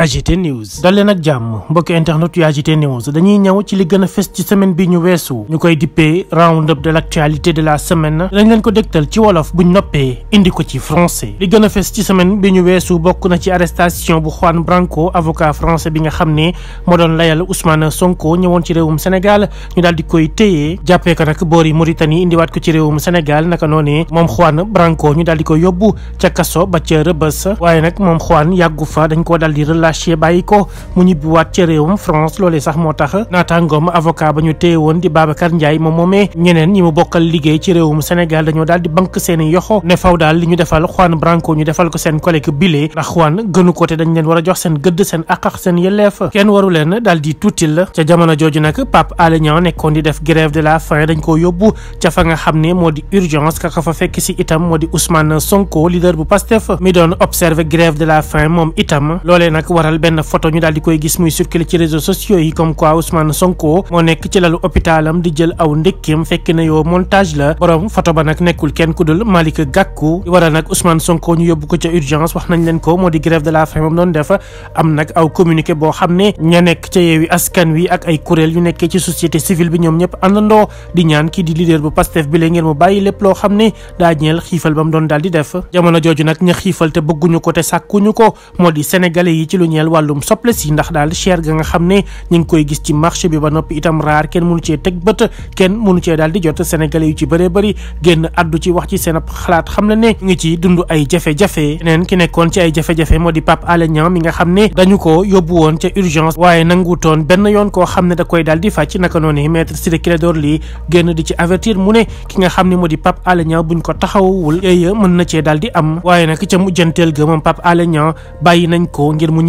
AGT News dal leen ak jàmm mbokki internet yu AGT News dañuy ñëw ci li gën a fes ci semaine bi ñu weesu ñu koy dippee round up de l'actualité de la semaine dañ leen ko dégtal ci wolof buñ noppee indi ko ci français li gën a fes ci semaine bi ñu weesu bokk na ci arrestation bu Juan Branco avocat français bi nga xam ne moo doon layal Ousmane Sonko ñëwoon ci réewum Sénégal ñu daal di koy téye jàppee ko nag boori Mauritanie indiwaat ko ci réewum Sénégal naka noonee moom lâché bàyyi ko mu ñibbiwaat ca réewum France loolee sax moo tax naataangoom avocat ba ñu téye woon di Babacar Ndiaye moom moomee ñeneen ñi mu bokkal liggéey ci réewum Sénégal dañoo daal di bank seen yoxo ne faw daal li ñu defal Juan Branco ñu defal ko seen collègue bile Juan gënu ko te dañ leen war a jox seen gëdd seen àqax seen yelleef kenn waru leen di tuutil la ca jamono jooju nag Pape Alé nekkoon di def grève de la faim dañ koo yóbbu ca waral benn photo ñu daal di koy gis muy circuler ci réseaux sociaux yi comme quoi Ousmane Sonko moo nekk ci lalu hôpitalam di jël aw ndékkim fekk na yoo montage la borom photo ba nag nekkul kenn ku dul Malick Gakou waral nag Ousmane Sonko ñu yóbbu ko ca urgence wax nañ leen ko moo di grève de la faim moom doon def am nag aw communiqué boo xam ne ña nekk ca yeewi askan wi ak ay kuréel yu nekkee ci société civile bi ñoom ñëpp àndandoo di ñaan kii di bi lee ngeen mu bàyyi lépp loo xam ne lu ñeel wàllum soble si ndax daal cher ga nga xam ne ñu ngi koy gis ci marché bi ba noppi itam raar kenn mënu cee teg bët kenn mënu cee daal di jot sénégalais yu ci bëree bëri génn addu ci wax ci seen ab xalaat xam na ne ngi ci dund ay jafe-jafe neen ki nekkoon ci ay jafe-jafe moo di Pape Alé Niang mi nga xam ne dañu ko yóbbu woon ca urgence waaye nangutoon benn yoon koo xam ne da koy daal di fàcc naka noonu maître Ciré Clédor Ly génn di ci avertir mu ki nga xam ne moo di Pape Alé Niang buñ ko taxawul na cee daal di am waaye nag ga moom Pape Alé Niang bàyyi nañ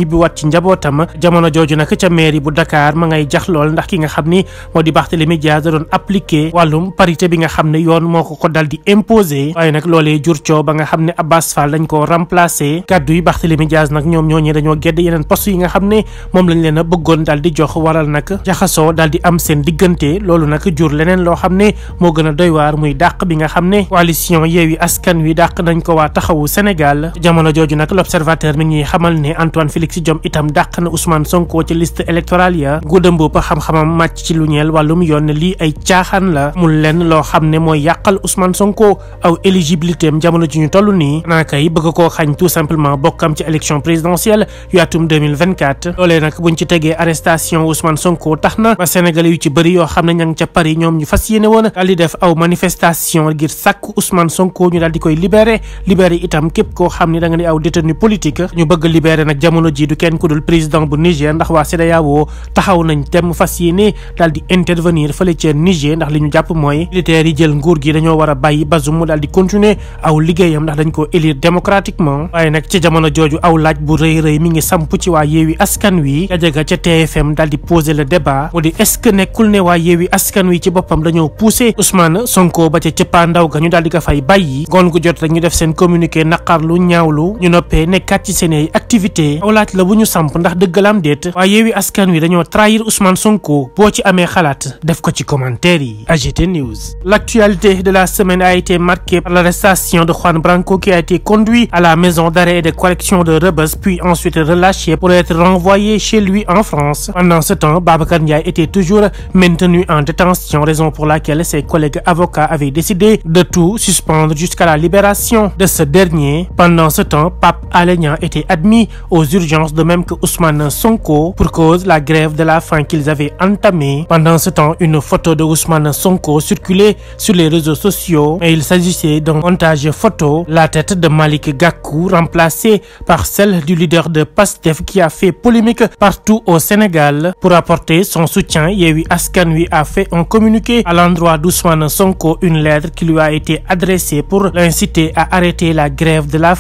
ñibbiwaat ci njabootam jamono jooju nag ca mairie bu Dakar ma ngay jax lool ndax ki nga xam ni moo di Barthélémy Dias da doon appliqué wàllum parité bi nga xam ne yoon moo ko dal di imposé ba nga xam ne Abbas dañ koo remplacé kàddu yi Barthélémy Dias nag ñoom ñooñu dañoo gedd yeneen poste yi nga xam ne moom lañ leen a bëggoon daal di jox waral nag jaxasoo daal di am seen diggante loolu nag jur leneen loo xam ne moo gën a doy waar muy dàq bi nga xam ne coalition ci jom itam dàq na Ousmane ya Gouda Mboup xam-xamam jamono ji ñu toll nii naakay bëgg koo xañ tout simplement bokkam ci élection présidentielle yu atum 2024 buñ ci tegee arrestation Ousmane Sonko tax na ba yu ci bëri yoo xam ne ña ngi ca Paris ñoom ñu fas yéene woon daal di def aw manifestation ngir sàkk Ousmane Sonko ñu daal di koy libéré libéré itam képp koo xam ne da nga aw détenu politique ñu bëgg libéré nag jamono ji ji du kenn ku dul président bu Niger ndax waa CEDEAO taxaw nañ tem fas yéene daal di intervenir fële ca Niger ndax li ñu jàpp mooy militaires yi jël nguur gi dañoo war a bàyyi Bazoum mu daal di continuer aw liggéeyam ndax dañ ko élire démocratiquement waaye nag ci jamono jooju aw laaj bu rëy rëy mi ngi samp ci waa Yewwi Askan Wi dajaga ca TFM daal di poser le débat mu nekkul ne waa Yewwi Askan Wi ci boppam dañoo pousser Ousmane Sonko ba ca cëppaandaw ga ñu daal di ko fay bàyyi ngoon laaj la bu ñu samp ndax dëggalaam déet waaye yeewi askan L'actualité de la semaine a été marquée par l'arrestation de Juan Branco qui a été conduit à la maison d'arrêt et de correction de Rebeuss puis ensuite relâché pour être renvoyé chez lui en France. Pendant ce temps, Babacar Ndiaye était toujours maintenu en détention raison pour laquelle ses collègues avocats avaient décidé de tout suspendre jusqu'à la libération de ce dernier. Pendant ce temps, Pape Alé était admis aux urgences séance de même que Ousmane Sonko pour cause la grève de la faim qu'ils avaient entamée. Pendant ce temps, une photo de Ousmane Sonko circulait sur les réseaux sociaux et il s'agissait d'un montage photo. La tête de Malick Gakou remplacée par celle du leader de PASTEF qui a fait polémique partout au Sénégal. Pour apporter son soutien, Yewwi Askan Wi a fait un communiqué à l'endroit d'Ousmane Sonko, une lettre qui lui a été adressée pour l'inciter à arrêter la grève de la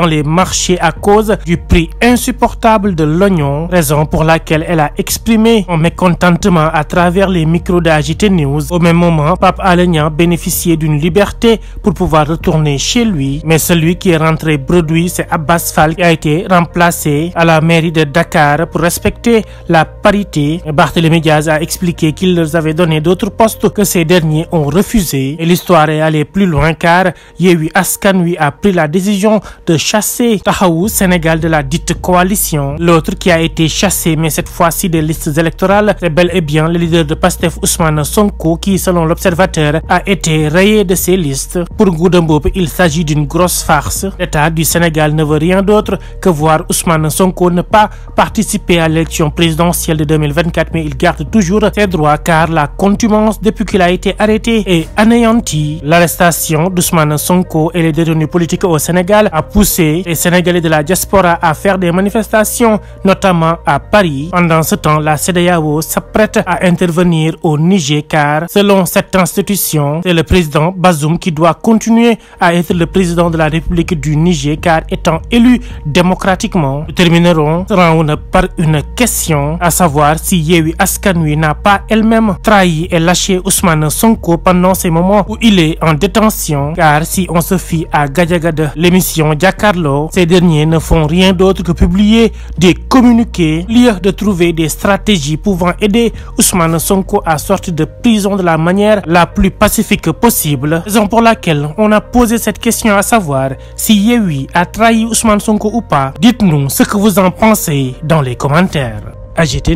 dans les marchés à cause du prix insupportable de l'oignon, raison pour laquelle elle a exprimé son mécontentement à travers les micros d'AGT News. Au même moment, Pape Alé Niang bénéficiait d'une liberté pour pouvoir retourner chez lui, mais celui qui est rentré bredouille, c'est Abbas Fall a été remplacé à la mairie de Dakar pour respecter la parité. Barthélémy Diaz a expliqué qu'il leur avait donné d'autres postes que ces derniers ont refusés et l'histoire chassé Taxawu Sénégal de la dite coalition l'autre qui a été chassé mais cette fois-ci des listes électorales c'est bel et bien le leader de Pastef Ousmane Sonko qui selon l'Observateur a été rayé de ces listes pour Ngouda il s'agit d'une grosse farce l'État du Sénégal ne veut rien d'autre que voir Ousmane Sonko ne pas participer à l'élection présidentielle de 2024 mais il garde toujours ses droits car la contumace depuis qu'il a été arrêté est anéantie l'arrestation d'Ousmane Sonko et les détenus politiques au Sénégal a poussé les Sénégalais de la diaspora à faire des manifestations, notamment à Paris. Pendant ce temps, la CEDEAO s'apprête à intervenir au Niger car, selon cette institution, c'est le président Bazoum qui doit continuer à être le président de la République du Niger car étant élu démocratiquement. Nous terminerons round par une question, à savoir si Yewwi Askan n'a pas elle-même trahi et lâché Ousmane Sonko pendant ces moments où il est en détention car si on se fie jàkkaarloo ces derniers ne font rien d'autre que publier des communiqués lieu de trouver des stratégies pouvant aider Ousmane Sonko à sortir de prison de la manière la plus pacifique possible raison pour laquelle on a posé cette question à savoir si Yewwi a trahi Ousmane Sonko ou pas dites-nous ce que vous en pensez dans les commentaires AGT